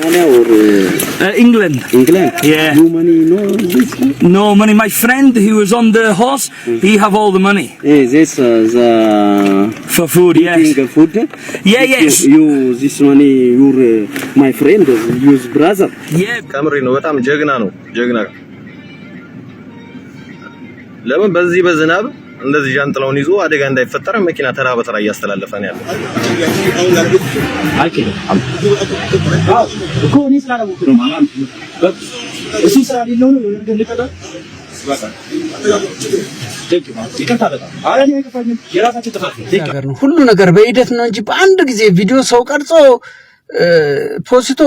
Uh, uh, England. England. Yeah. No money, no this. No money. My friend who was on the horse, mm. he have all the money. Yeah, this is uh, for food. Yes. Food. Yeah, yes. You, this money, your uh, my friend, your brother. Yeah. ካምሪ ነው በጣም ጀግና ነው ጀግና ለምን በዚህ በዝናብ እንደዚህ ጃንጥላውን ይዞ አደጋ እንዳይፈጠረ መኪና ተራ በተራ እያስተላለፈ ነው ያለው። ሁሉ ነገር በሂደት ነው እንጂ በአንድ ጊዜ ቪዲዮ ሰው ቀርጾ ፖስቶ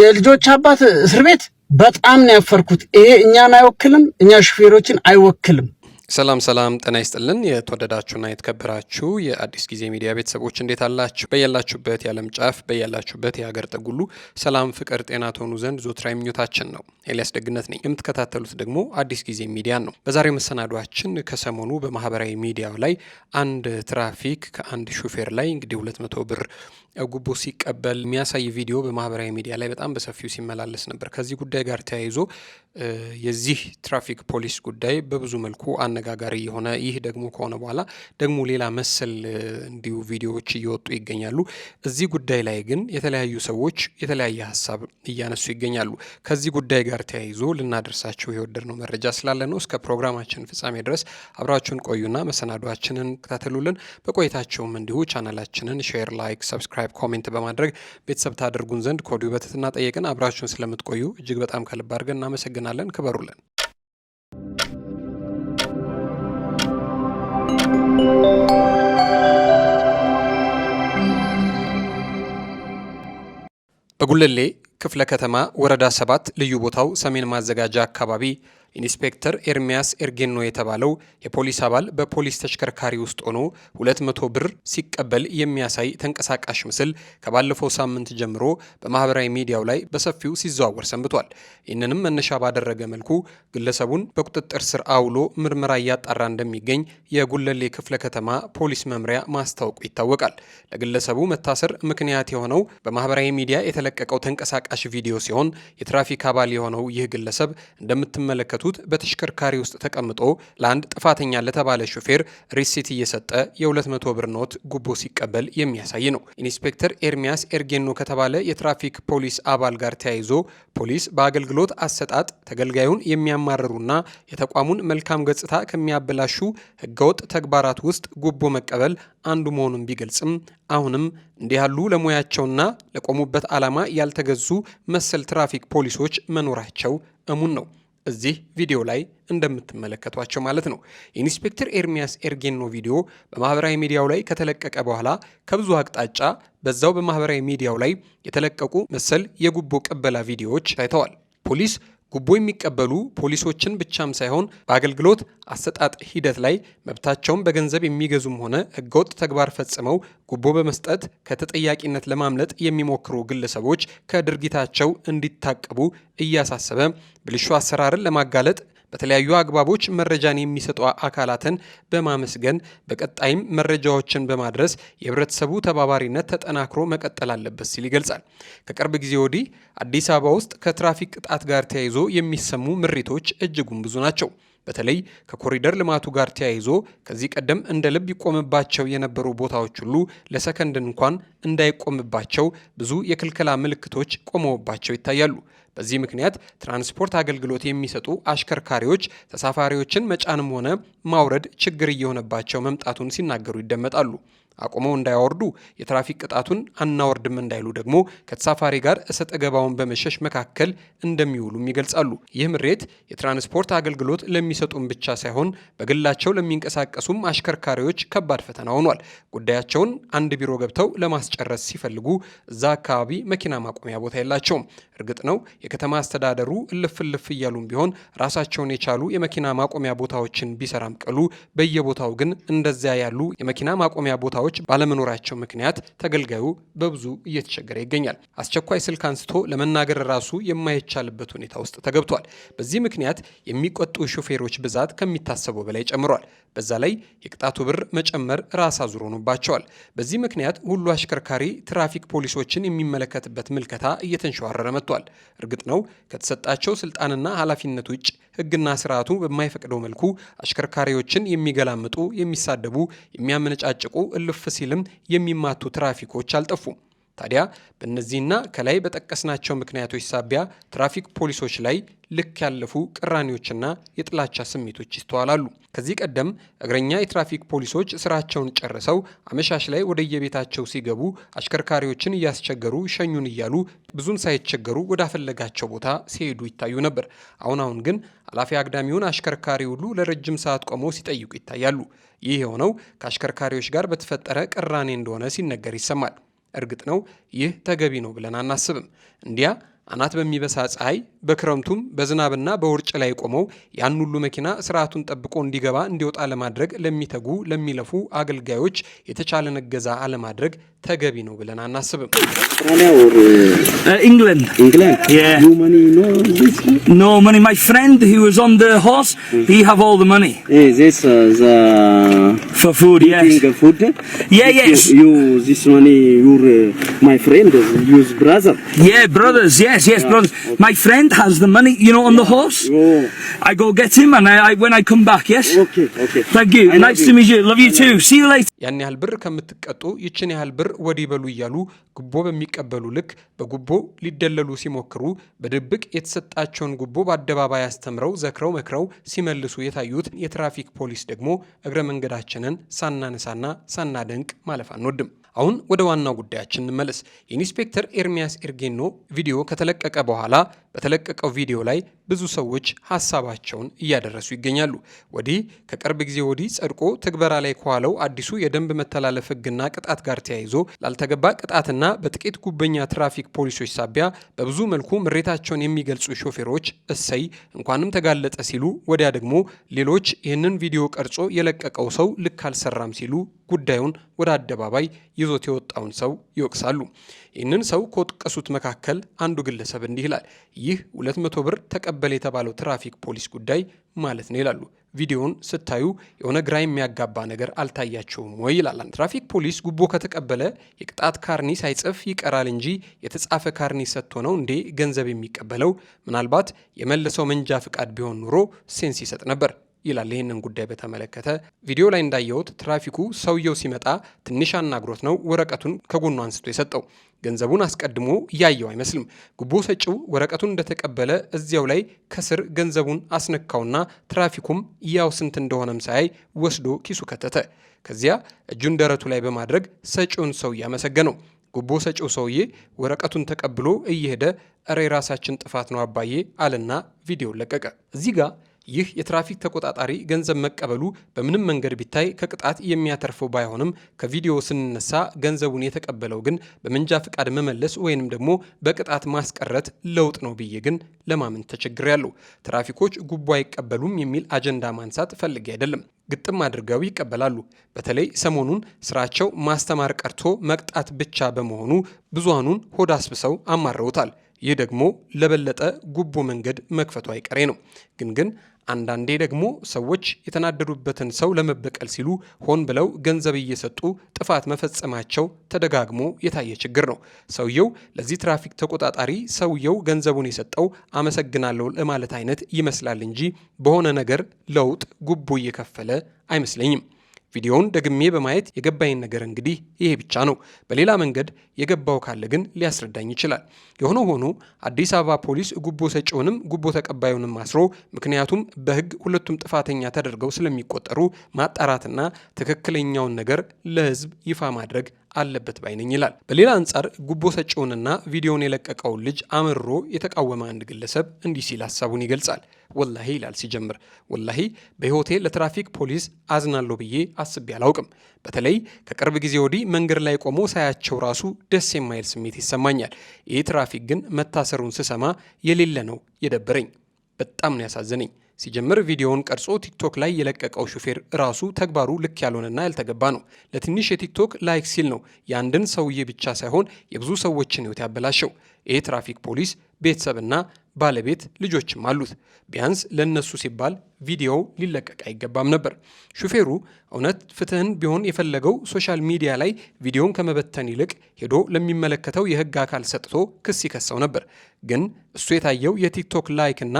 የልጆች አባት እስር ቤት በጣም ነው ያፈርኩት። ይሄ እኛን አይወክልም፣ እኛ ሹፌሮችን አይወክልም። ሰላም ሰላም፣ ጤና ይስጥልን። የተወደዳችሁና የተከበራችሁ የአዲስ ጊዜ ሚዲያ ቤተሰቦች እንዴት አላችሁ? በያላችሁበት የዓለም ጫፍ በያላችሁበት የሀገር ጠጉሉ ሰላም፣ ፍቅር፣ ጤና ትሆኑ ዘንድ ዞትራ ምኞታችን ነው። ኤልያስ ደግነት ነኝ። የምትከታተሉት ደግሞ አዲስ ጊዜ ሚዲያ ነው። በዛሬው መሰናዷችን ከሰሞኑ በማህበራዊ ሚዲያው ላይ አንድ ትራፊክ ከአንድ ሹፌር ላይ እንግዲህ 200 መቶ ብር ጉቦ ሲቀበል የሚያሳይ ቪዲዮ በማህበራዊ ሚዲያ ላይ በጣም በሰፊው ሲመላለስ ነበር። ከዚህ ጉዳይ ጋር ተያይዞ የዚህ ትራፊክ ፖሊስ ጉዳይ በብዙ መልኩ አነ አነጋጋሪ የሆነ ይህ ደግሞ ከሆነ በኋላ ደግሞ ሌላ መሰል እንዲሁ ቪዲዮዎች እየወጡ ይገኛሉ። እዚህ ጉዳይ ላይ ግን የተለያዩ ሰዎች የተለያየ ሀሳብ እያነሱ ይገኛሉ። ከዚህ ጉዳይ ጋር ተያይዞ ልናደርሳቸው የወደድነው መረጃ ስላለ ነው። እስከ ፕሮግራማችን ፍጻሜ ድረስ አብራችሁን ቆዩና መሰናዷችንን ከታተሉልን። በቆይታቸውም እንዲሁ ቻናላችንን ሼር፣ ላይክ፣ ሰብስክራይብ፣ ኮሜንት በማድረግ ቤተሰብ ታደርጉን ዘንድ ኮዲው በትህትና ጠየቅን። አብራችሁን ስለምትቆዩ እጅግ በጣም ከልብ አድርገን እናመሰግናለን። ክበሩልን። በጉለሌ ክፍለ ከተማ ወረዳ ሰባት ልዩ ቦታው ሰሜን ማዘጋጃ አካባቢ ኢንስፔክተር ኤርሚያስ ኤርጌኖ የተባለው የፖሊስ አባል በፖሊስ ተሽከርካሪ ውስጥ ሆኖ 200 ብር ሲቀበል የሚያሳይ ተንቀሳቃሽ ምስል ከባለፈው ሳምንት ጀምሮ በማህበራዊ ሚዲያው ላይ በሰፊው ሲዘዋወር ሰንብቷል። ይህንንም መነሻ ባደረገ መልኩ ግለሰቡን በቁጥጥር ስር አውሎ ምርመራ እያጣራ እንደሚገኝ የጉለሌ ክፍለ ከተማ ፖሊስ መምሪያ ማስታወቁ ይታወቃል። ለግለሰቡ መታሰር ምክንያት የሆነው በማህበራዊ ሚዲያ የተለቀቀው ተንቀሳቃሽ ቪዲዮ ሲሆን የትራፊክ አባል የሆነው ይህ ግለሰብ እንደምትመለከቱ የደረሱት በተሽከርካሪ ውስጥ ተቀምጦ ለአንድ ጥፋተኛ ለተባለ ሾፌር ሪሲት እየሰጠ የ200 ብር ኖት ጉቦ ሲቀበል የሚያሳይ ነው። ኢንስፔክተር ኤርሚያስ ኤርጌኖ ከተባለ የትራፊክ ፖሊስ አባል ጋር ተያይዞ ፖሊስ በአገልግሎት አሰጣጥ ተገልጋዩን የሚያማርሩና የተቋሙን መልካም ገጽታ ከሚያበላሹ ህገወጥ ተግባራት ውስጥ ጉቦ መቀበል አንዱ መሆኑን ቢገልጽም አሁንም እንዲህ ያሉ ለሙያቸውና ለቆሙበት ዓላማ ያልተገዙ መሰል ትራፊክ ፖሊሶች መኖራቸው እሙን ነው። እዚህ ቪዲዮ ላይ እንደምትመለከቷቸው ማለት ነው። ኢንስፔክተር ኤርሚያስ ኤርጌኖ ቪዲዮ በማህበራዊ ሚዲያው ላይ ከተለቀቀ በኋላ ከብዙ አቅጣጫ በዛው በማህበራዊ ሚዲያው ላይ የተለቀቁ መሰል የጉቦ ቅበላ ቪዲዮዎች ታይተዋል። ፖሊስ ጉቦ የሚቀበሉ ፖሊሶችን ብቻም ሳይሆን በአገልግሎት አሰጣጥ ሂደት ላይ መብታቸውን በገንዘብ የሚገዙም ሆነ ሕገወጥ ተግባር ፈጽመው ጉቦ በመስጠት ከተጠያቂነት ለማምለጥ የሚሞክሩ ግለሰቦች ከድርጊታቸው እንዲታቀቡ እያሳሰበ ብልሹ አሰራርን ለማጋለጥ በተለያዩ አግባቦች መረጃን የሚሰጡ አካላትን በማመስገን በቀጣይም መረጃዎችን በማድረስ የህብረተሰቡ ተባባሪነት ተጠናክሮ መቀጠል አለበት ሲል ይገልጻል። ከቅርብ ጊዜ ወዲህ አዲስ አበባ ውስጥ ከትራፊክ ቅጣት ጋር ተያይዞ የሚሰሙ ምሪቶች እጅጉን ብዙ ናቸው። በተለይ ከኮሪደር ልማቱ ጋር ተያይዞ ከዚህ ቀደም እንደ ልብ ይቆምባቸው የነበሩ ቦታዎች ሁሉ ለሰከንድ እንኳን እንዳይቆምባቸው ብዙ የክልከላ ምልክቶች ቆመውባቸው ይታያሉ። በዚህ ምክንያት ትራንስፖርት አገልግሎት የሚሰጡ አሽከርካሪዎች ተሳፋሪዎችን መጫንም ሆነ ማውረድ ችግር እየሆነባቸው መምጣቱን ሲናገሩ ይደመጣሉ። አቁመው እንዳያወርዱ የትራፊክ ቅጣቱን አናወርድም እንዳይሉ ደግሞ ከተሳፋሪ ጋር እሰጠ ገባውን በመሸሽ መካከል እንደሚውሉም ይገልጻሉ። ይህ ምሬት የትራንስፖርት አገልግሎት ለሚሰጡም ብቻ ሳይሆን በግላቸው ለሚንቀሳቀሱም አሽከርካሪዎች ከባድ ፈተና ሆኗል። ጉዳያቸውን አንድ ቢሮ ገብተው ለማስጨረስ ሲፈልጉ እዛ አካባቢ መኪና ማቆሚያ ቦታ የላቸውም። እርግጥ ነው የከተማ አስተዳደሩ እልፍ እልፍ እያሉም ቢሆን ራሳቸውን የቻሉ የመኪና ማቆሚያ ቦታዎችን ቢሰራም ቅሉ በየቦታው ግን እንደዚያ ያሉ የመኪና ማቆሚያ ቦታዎች ባለመኖራቸው ምክንያት ተገልጋዩ በብዙ እየተቸገረ ይገኛል። አስቸኳይ ስልክ አንስቶ ለመናገር ራሱ የማይቻልበት ሁኔታ ውስጥ ተገብቷል። በዚህ ምክንያት የሚቆጡ ሾፌሮች ብዛት ከሚታሰበው በላይ ጨምሯል። በዛ ላይ የቅጣቱ ብር መጨመር ራስ አዙር ሆኖባቸዋል። በዚህ ምክንያት ሁሉ አሽከርካሪ ትራፊክ ፖሊሶችን የሚመለከትበት ምልከታ እየተንሸዋረረ መጥቷል። ተሰጥቷል። እርግጥ ነው ከተሰጣቸው ስልጣንና ኃላፊነት ውጭ ህግና ስርዓቱ በማይፈቅደው መልኩ አሽከርካሪዎችን የሚገላምጡ፣ የሚሳደቡ፣ የሚያመነጫጭቁ እልፍ ሲልም የሚማቱ ትራፊኮች አልጠፉም። ታዲያ በእነዚህና ከላይ በጠቀስናቸው ምክንያቶች ሳቢያ ትራፊክ ፖሊሶች ላይ ልክ ያለፉ ቅራኔዎችና የጥላቻ ስሜቶች ይስተዋላሉ። ከዚህ ቀደም እግረኛ የትራፊክ ፖሊሶች ስራቸውን ጨርሰው አመሻሽ ላይ ወደየቤታቸው ሲገቡ አሽከርካሪዎችን እያስቸገሩ ሸኙን እያሉ ብዙም ሳይቸገሩ ወዳፈለጋቸው ቦታ ሲሄዱ ይታዩ ነበር። አሁን አሁን ግን አላፊ አግዳሚውን አሽከርካሪ ሁሉ ለረጅም ሰዓት ቆመው ሲጠይቁ ይታያሉ። ይህ የሆነው ከአሽከርካሪዎች ጋር በተፈጠረ ቅራኔ እንደሆነ ሲነገር ይሰማል። እርግጥ ነው ይህ ተገቢ ነው ብለን አናስብም። እንዲያ አናት በሚበሳ ፀሐይ በክረምቱም በዝናብና በውርጭ ላይ ቆመው ያን ሁሉ መኪና ስርዓቱን ጠብቆ እንዲገባ እንዲወጣ ለማድረግ ለሚተጉ ለሚለፉ አገልጋዮች የተቻለን እገዛ አለማድረግ ተገቢ ነው ብለን አናስብም። ኢንግላንድ Yes, yes, yeah. brother. Okay. My friend has the money, you know, on yeah. the horse. Oh. I go get him and I, I, when I come back, yes? Okay, okay. Thank you. I nice to meet you. Love you I too. Love. See you later. ያን ያህል ብር ከምትቀጡ ይችን ያህል ብር ወዲህ በሉ እያሉ ጉቦ በሚቀበሉ ልክ በጉቦ ሊደለሉ ሲሞክሩ በድብቅ የተሰጣቸውን ጉቦ በአደባባይ አስተምረው ዘክረው መክረው ሲመልሱ የታዩት የትራፊክ ፖሊስ ደግሞ እግረ መንገዳችንን ሳናነሳና ሳናደንቅ ማለፍ አንወድም። አሁን ወደ ዋናው ጉዳያችን እንመለስ። የኢንስፔክተር ኤርሚያስ ኤርጌኖ ቪዲዮ ከተለቀቀ በኋላ በተለቀቀው ቪዲዮ ላይ ብዙ ሰዎች ሀሳባቸውን እያደረሱ ይገኛሉ። ወዲህ ከቅርብ ጊዜ ወዲህ ጸድቆ ትግበራ ላይ ከዋለው አዲሱ የደንብ መተላለፍ ህግና ቅጣት ጋር ተያይዞ ላልተገባ ቅጣትና በጥቂት ጉበኛ ትራፊክ ፖሊሶች ሳቢያ በብዙ መልኩ ምሬታቸውን የሚገልጹ ሾፌሮች እሰይ እንኳንም ተጋለጠ ሲሉ፣ ወዲያ ደግሞ ሌሎች ይህንን ቪዲዮ ቀርጾ የለቀቀው ሰው ልክ አልሰራም ሲሉ ጉዳዩን ወደ አደባባይ ይዞት የወጣውን ሰው ይወቅሳሉ። ይህንን ሰው ከወጥቀሱት መካከል አንዱ ግለሰብ እንዲህ ይላል ይህ 200 ብር ተቀበል የተባለው ትራፊክ ፖሊስ ጉዳይ ማለት ነው ይላሉ። ቪዲዮውን ስታዩ የሆነ ግራ የሚያጋባ ነገር አልታያቸውም ወይ ይላል። ትራፊክ ፖሊስ ጉቦ ከተቀበለ የቅጣት ካርኒ ሳይጽፍ ይቀራል እንጂ የተጻፈ ካርኒ ሰጥቶ ነው እንዴ ገንዘብ የሚቀበለው? ምናልባት የመለሰው መንጃ ፍቃድ ቢሆን ኑሮ ሴንስ ይሰጥ ነበር። ይላል ይህንን ጉዳይ በተመለከተ ቪዲዮ ላይ እንዳየሁት ትራፊኩ ሰውየው ሲመጣ ትንሽ አናግሮት ነው ወረቀቱን ከጎኑ አንስቶ የሰጠው። ገንዘቡን አስቀድሞ ያየው አይመስልም። ጉቦ ሰጪው ወረቀቱን እንደተቀበለ እዚያው ላይ ከስር ገንዘቡን አስነካውና ትራፊኩም ያው ስንት እንደሆነም ሳያይ ወስዶ ኪሱ ከተተ። ከዚያ እጁን ደረቱ ላይ በማድረግ ሰጪውን ሰው እያመሰገነው ጉቦ ሰጪው ሰውዬ ወረቀቱን ተቀብሎ እየሄደ እረ የራሳችን ጥፋት ነው አባዬ አለና ቪዲዮ ለቀቀ። እዚህ ጋር ይህ የትራፊክ ተቆጣጣሪ ገንዘብ መቀበሉ በምንም መንገድ ቢታይ ከቅጣት የሚያተርፈው ባይሆንም ከቪዲዮ ስንነሳ ገንዘቡን የተቀበለው ግን በመንጃ ፈቃድ መመለስ ወይንም ደግሞ በቅጣት ማስቀረት ለውጥ ነው ብዬ ግን ለማመን ተቸግሬያለሁ። ትራፊኮች ጉቦ አይቀበሉም የሚል አጀንዳ ማንሳት ፈልጌ አይደለም። ግጥም አድርገው ይቀበላሉ። በተለይ ሰሞኑን ስራቸው ማስተማር ቀርቶ መቅጣት ብቻ በመሆኑ ብዙሃኑን ሆድ አስብሰው አማረውታል። ይህ ደግሞ ለበለጠ ጉቦ መንገድ መክፈቱ አይቀሬ ነው። ግን ግን አንዳንዴ ደግሞ ሰዎች የተናደዱበትን ሰው ለመበቀል ሲሉ ሆን ብለው ገንዘብ እየሰጡ ጥፋት መፈጸማቸው ተደጋግሞ የታየ ችግር ነው። ሰውየው ለዚህ ትራፊክ ተቆጣጣሪ ሰውየው ገንዘቡን የሰጠው አመሰግናለሁ ለማለት አይነት ይመስላል እንጂ በሆነ ነገር ለውጥ ጉቦ እየከፈለ አይመስለኝም። ቪዲዮውን ደግሜ በማየት የገባኝን ነገር እንግዲህ ይሄ ብቻ ነው። በሌላ መንገድ የገባው ካለ ግን ሊያስረዳኝ ይችላል። የሆነ ሆኖ አዲስ አበባ ፖሊስ ጉቦ ሰጪውንም ጉቦ ተቀባዩንም አስሮ ምክንያቱም በሕግ ሁለቱም ጥፋተኛ ተደርገው ስለሚቆጠሩ ማጣራትና ትክክለኛውን ነገር ለሕዝብ ይፋ ማድረግ አለበት ባይነኝ ይላል። በሌላ አንጻር ጉቦ ሰጪውንና ቪዲዮውን የለቀቀውን ልጅ አምርሮ የተቃወመ አንድ ግለሰብ እንዲህ ሲል ሀሳቡን ይገልጻል። ወላሂ ይላል ሲጀምር፣ ወላሂ በሕይወቴ ለትራፊክ ፖሊስ አዝናለሁ ብዬ አስቤ አላውቅም። በተለይ ከቅርብ ጊዜ ወዲህ መንገድ ላይ ቆሞ ሳያቸው ራሱ ደስ የማይል ስሜት ይሰማኛል። ይህ ትራፊክ ግን መታሰሩን ስሰማ የሌለ ነው የደበረኝ። በጣም ነው ያሳዘነኝ። ሲጀምር ቪዲዮውን ቀርጾ ቲክቶክ ላይ የለቀቀው ሹፌር ራሱ ተግባሩ ልክ ያልሆነና ያልተገባ ነው። ለትንሽ የቲክቶክ ላይክ ሲል ነው የአንድን ሰውዬ ብቻ ሳይሆን የብዙ ሰዎችን ህይወት ያበላሸው። ይህ ትራፊክ ፖሊስ ቤተሰብና ባለቤት ልጆችም አሉት። ቢያንስ ለእነሱ ሲባል ቪዲዮው ሊለቀቅ አይገባም ነበር። ሹፌሩ እውነት ፍትህን ቢሆን የፈለገው ሶሻል ሚዲያ ላይ ቪዲዮን ከመበተን ይልቅ ሄዶ ለሚመለከተው የህግ አካል ሰጥቶ ክስ ይከሰው ነበር። ግን እሱ የታየው የቲክቶክ ላይክ እና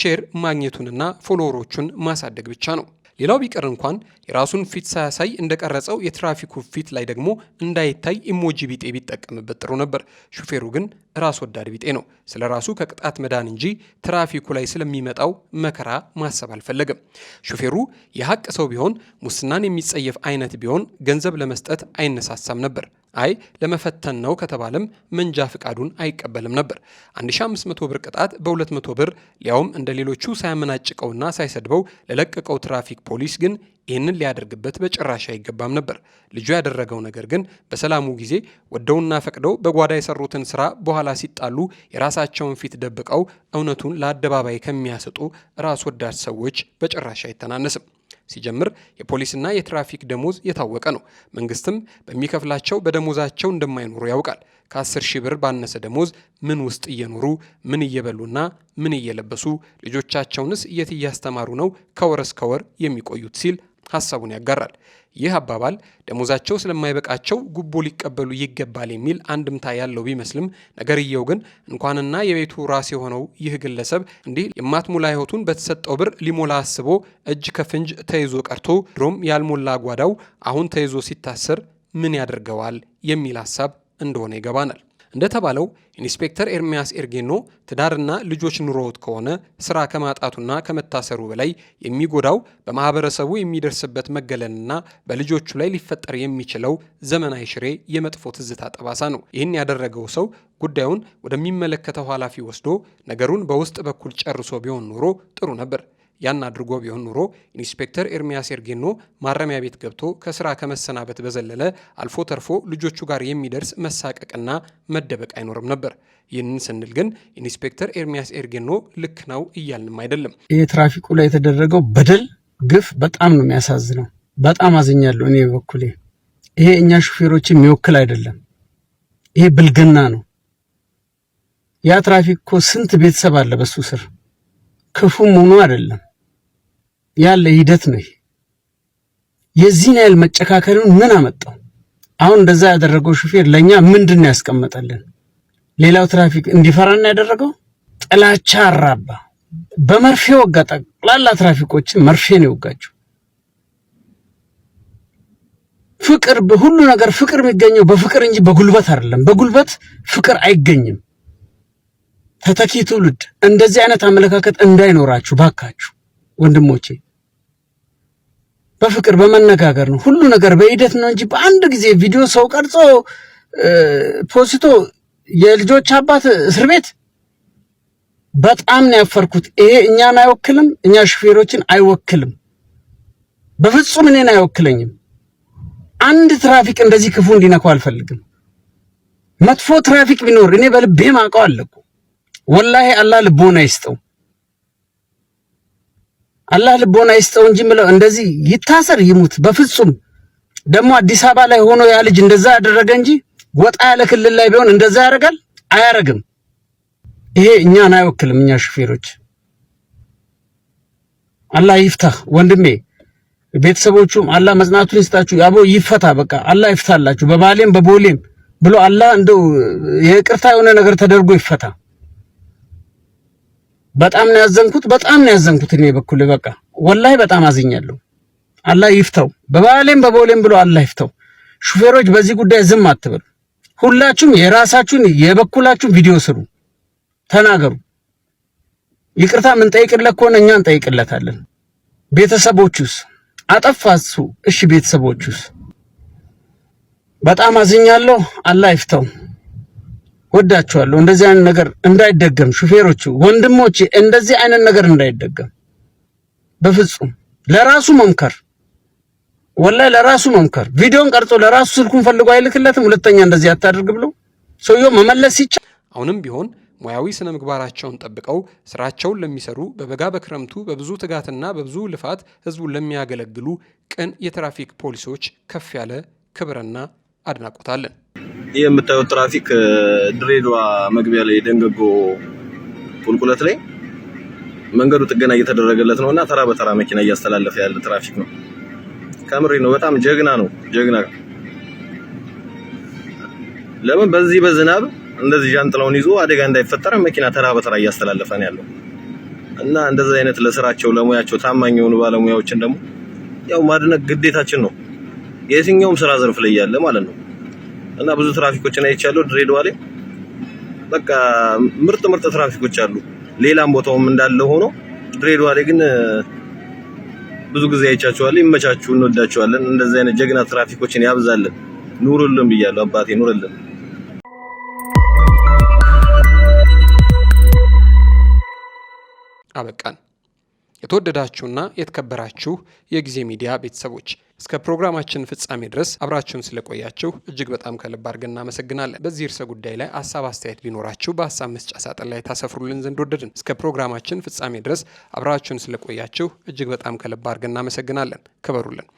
ሼር ማግኘቱንና ፎሎወሮቹን ማሳደግ ብቻ ነው። ሌላው ቢቀር እንኳን የራሱን ፊት ሳያሳይ እንደቀረጸው የትራፊኩ ፊት ላይ ደግሞ እንዳይታይ ኢሞጂ ቢጤ ቢጠቀምበት ጥሩ ነበር። ሹፌሩ ግን ራስ ወዳድ ቢጤ ነው። ስለ ራሱ ከቅጣት መዳን እንጂ ትራፊኩ ላይ ስለሚመጣው መከራ ማሰብ አልፈለገም። ሹፌሩ የሀቅ ሰው ቢሆን ሙስናን የሚጸየፍ አይነት ቢሆን ገንዘብ ለመስጠት አይነሳሳም ነበር። አይ ለመፈተን ነው ከተባለም መንጃ ፍቃዱን አይቀበልም ነበር። 1500 ብር ቅጣት በ200 ብር ሊያውም እንደ ሌሎቹ ሳያመናጭቀውና ሳይሰድበው ለለቀቀው ትራፊክ ፖሊስ ግን ይህንን ሊያደርግበት በጭራሽ አይገባም ነበር። ልጁ ያደረገው ነገር ግን በሰላሙ ጊዜ ወደውና ፈቅደው በጓዳ የሰሩትን ስራ በኋላ ሲጣሉ የራሳቸውን ፊት ደብቀው እውነቱን ለአደባባይ ከሚያሰጡ ራስ ወዳድ ሰዎች በጭራሽ አይተናነስም። ሲጀምር የፖሊስና የትራፊክ ደሞዝ የታወቀ ነው። መንግስትም በሚከፍላቸው በደሞዛቸው እንደማይኖሩ ያውቃል። ከአስር ሺህ ብር ባነሰ ደሞዝ ምን ውስጥ እየኖሩ ምን እየበሉና ምን እየለበሱ ልጆቻቸውንስ የት እያስተማሩ ነው ከወር እስከ ወር የሚቆዩት ሲል ሀሳቡን ያጋራል። ይህ አባባል ደሞዛቸው ስለማይበቃቸው ጉቦ ሊቀበሉ ይገባል የሚል አንድምታ ያለው ቢመስልም ነገርየው ግን እንኳንና የቤቱ ራስ የሆነው ይህ ግለሰብ እንዲህ የማትሞላ ህይወቱን በተሰጠው ብር ሊሞላ አስቦ እጅ ከፍንጅ ተይዞ ቀርቶ ድሮም ያልሞላ ጓዳው አሁን ተይዞ ሲታሰር ምን ያደርገዋል የሚል ሀሳብ እንደሆነ ይገባናል። እንደተባለው ኢንስፔክተር ኤርሚያስ ኤርጌኖ ትዳርና ልጆች ኑሮዎት ከሆነ ስራ ከማጣቱና ከመታሰሩ በላይ የሚጎዳው በማህበረሰቡ የሚደርስበት መገለልና በልጆቹ ላይ ሊፈጠር የሚችለው ዘመናዊ ሽሬ የመጥፎ ትዝታ ጠባሳ ነው። ይህን ያደረገው ሰው ጉዳዩን ወደሚመለከተው ኃላፊ ወስዶ ነገሩን በውስጥ በኩል ጨርሶ ቢሆን ኖሮ ጥሩ ነበር። ያን አድርጎ ቢሆን ኑሮ ኢንስፔክተር ኤርሚያስ ኤርጌኖ ማረሚያ ቤት ገብቶ ከስራ ከመሰናበት በዘለለ አልፎ ተርፎ ልጆቹ ጋር የሚደርስ መሳቀቅና መደበቅ አይኖርም ነበር። ይህንን ስንል ግን ኢንስፔክተር ኤርሚያስ ኤርጌኖ ልክ ነው እያልንም አይደለም። ይህ ትራፊኩ ላይ የተደረገው በደል፣ ግፍ በጣም ነው የሚያሳዝነው። በጣም አዝኛለሁ እኔ በኩሌ። ይሄ እኛ ሹፌሮችን የሚወክል አይደለም። ይሄ ብልግና ነው። ያ ትራፊክ እኮ ስንት ቤተሰብ አለ በሱ ስር ክፉም ሆኖ አይደለም። ያለ ሂደት ነው። የዚህን ያህል መጨካከልን ምን አመጣው? አሁን እንደዛ ያደረገው ሹፌር ለእኛ ምንድን ያስቀመጠልን? ሌላው ትራፊክ እንዲፈራና ያደረገው ጥላቻ አራባ በመርፌ ወጋ። ጠቅላላ ትራፊኮችን መርፌ ነው የወጋቸው። ፍቅር ሁሉ ነገር ፍቅር የሚገኘው በፍቅር እንጂ በጉልበት አይደለም። በጉልበት ፍቅር አይገኝም። ተተኪ ትውልድ እንደዚህ አይነት አመለካከት እንዳይኖራችሁ ባካችሁ። ወንድሞቼ በፍቅር በመነጋገር ነው። ሁሉ ነገር በሂደት ነው እንጂ በአንድ ጊዜ ቪዲዮ ሰው ቀርጾ ፖስቶ የልጆች አባት እስር ቤት በጣም ነው ያፈርኩት። ይሄ እኛን አይወክልም፣ እኛ ሹፌሮችን አይወክልም፣ በፍጹም እኔን አይወክለኝም። አንድ ትራፊክ እንደዚህ ክፉ እንዲነካው አልፈልግም። መጥፎ ትራፊክ ቢኖር እኔ በልቤ ማውቀው አለኩ። እኮ ወላሂ፣ አላህ ልቦና ይስጠው። አላህ ልቦና ይስጠው እንጂ ምለው እንደዚህ ይታሰር ይሙት በፍጹም ደግሞ አዲስ አበባ ላይ ሆኖ ያ ልጅ እንደዛ ያደረገ እንጂ ወጣ ያለ ክልል ላይ ቢሆን እንደዛ ያደርጋል አያረግም ይሄ እኛን አይወክልም እኛ ሹፌሮች አላህ ይፍታ ወንድሜ ቤተሰቦቹም አላህ መጽናቱን ይስጣችሁ ያቦ ይፈታ በቃ አላህ ይፍታላችሁ በባሌም በቦሌም ብሎ አላህ እንደው የቅርታ የሆነ ነገር ተደርጎ ይፈታ በጣም ነው ያዘንኩት። በጣም ነው ያዘንኩት። እኔ በኩል በቃ ወላሂ በጣም አዝኛለሁ። አላህ ይፍተው፣ በባሌም በቦሌም ብሎ አላህ ይፍተው። ሹፌሮች በዚህ ጉዳይ ዝም አትበሉ። ሁላችሁም የራሳችሁን የበኩላችሁን ቪዲዮ ስሩ፣ ተናገሩ። ይቅርታ ምን የምንጠይቅለት ከሆነ እኛ እንጠይቅለታለን። ቤተሰቦቹስ አጠፋሱ? እሺ ቤተሰቦቹስ? በጣም አዝኛለሁ። አላህ ይፍተው። ወዳችኋለሁ። እንደዚህ አይነት ነገር እንዳይደገም ሹፌሮቹ ወንድሞቼ፣ እንደዚህ አይነት ነገር እንዳይደገም በፍጹም ለራሱ መምከር ወላ ለራሱ መምከር። ቪዲዮን ቀርጾ ለራሱ ስልኩን ፈልጎ አይልክለትም። ሁለተኛ እንደዚህ አታድርግ ብሎ ሰውየው መመለስ ይቻል። አሁንም ቢሆን ሙያዊ ስነ ምግባራቸውን ጠብቀው ስራቸውን ለሚሰሩ በበጋ በክረምቱ በብዙ ትጋትና በብዙ ልፋት ህዝቡን ለሚያገለግሉ ቅን የትራፊክ ፖሊሶች ከፍ ያለ ክብርና አድናቆት አለን። ይህ የምታዩት ትራፊክ ድሬዳዋ መግቢያ ላይ ደንገጎ ቁልቁለት ላይ መንገዱ ጥገና እየተደረገለት ነው እና ተራ በተራ መኪና እያስተላለፈ ያለ ትራፊክ ነው። ከምሬ ነው። በጣም ጀግና ነው። ጀግና ለምን በዚህ በዝናብ እንደዚህ ጃንጥላውን ይዞ አደጋ እንዳይፈጠር መኪና ተራ በተራ እያስተላለፈ ነው ያለው እና እንደዚህ አይነት ለስራቸው ለሙያቸው ታማኝ የሆኑ ባለሙያዎችን ደግሞ ያው ማድነቅ ግዴታችን ነው። የትኛውም ስራ ዘርፍ ላይ ያለ ማለት ነው። እና ብዙ ትራፊኮችን አይቻለሁ ድሬዳዋ ላይ። በቃ ምርጥ ምርጥ ትራፊኮች አሉ። ሌላም ቦታውም እንዳለ ሆኖ ድሬዳዋ ላይ ግን ብዙ ጊዜ አይቻቸዋለሁ። ይመቻችሁ፣ እንወዳቸዋለን። እንደዚህ አይነት ጀግና ትራፊኮችን ያብዛልን። ኑርልን ብያለሁ አባቴ፣ ኑርልን። አበቃን። የተወደዳችሁና የተከበራችሁ የጊዜ ሚዲያ ቤተሰቦች እስከ ፕሮግራማችን ፍጻሜ ድረስ አብራችሁን ስለቆያችሁ እጅግ በጣም ከልብ አድርገን እናመሰግናለን። በዚህ እርሰ ጉዳይ ላይ ሀሳብ አስተያየት ቢኖራችሁ በሀሳብ መስጫ ሳጥን ላይ ታሰፍሩልን ዘንድ ወደድን። እስከ ፕሮግራማችን ፍጻሜ ድረስ አብራችሁን ስለቆያችሁ እጅግ በጣም ከልብ አድርገን እናመሰግናለን። ክበሩልን።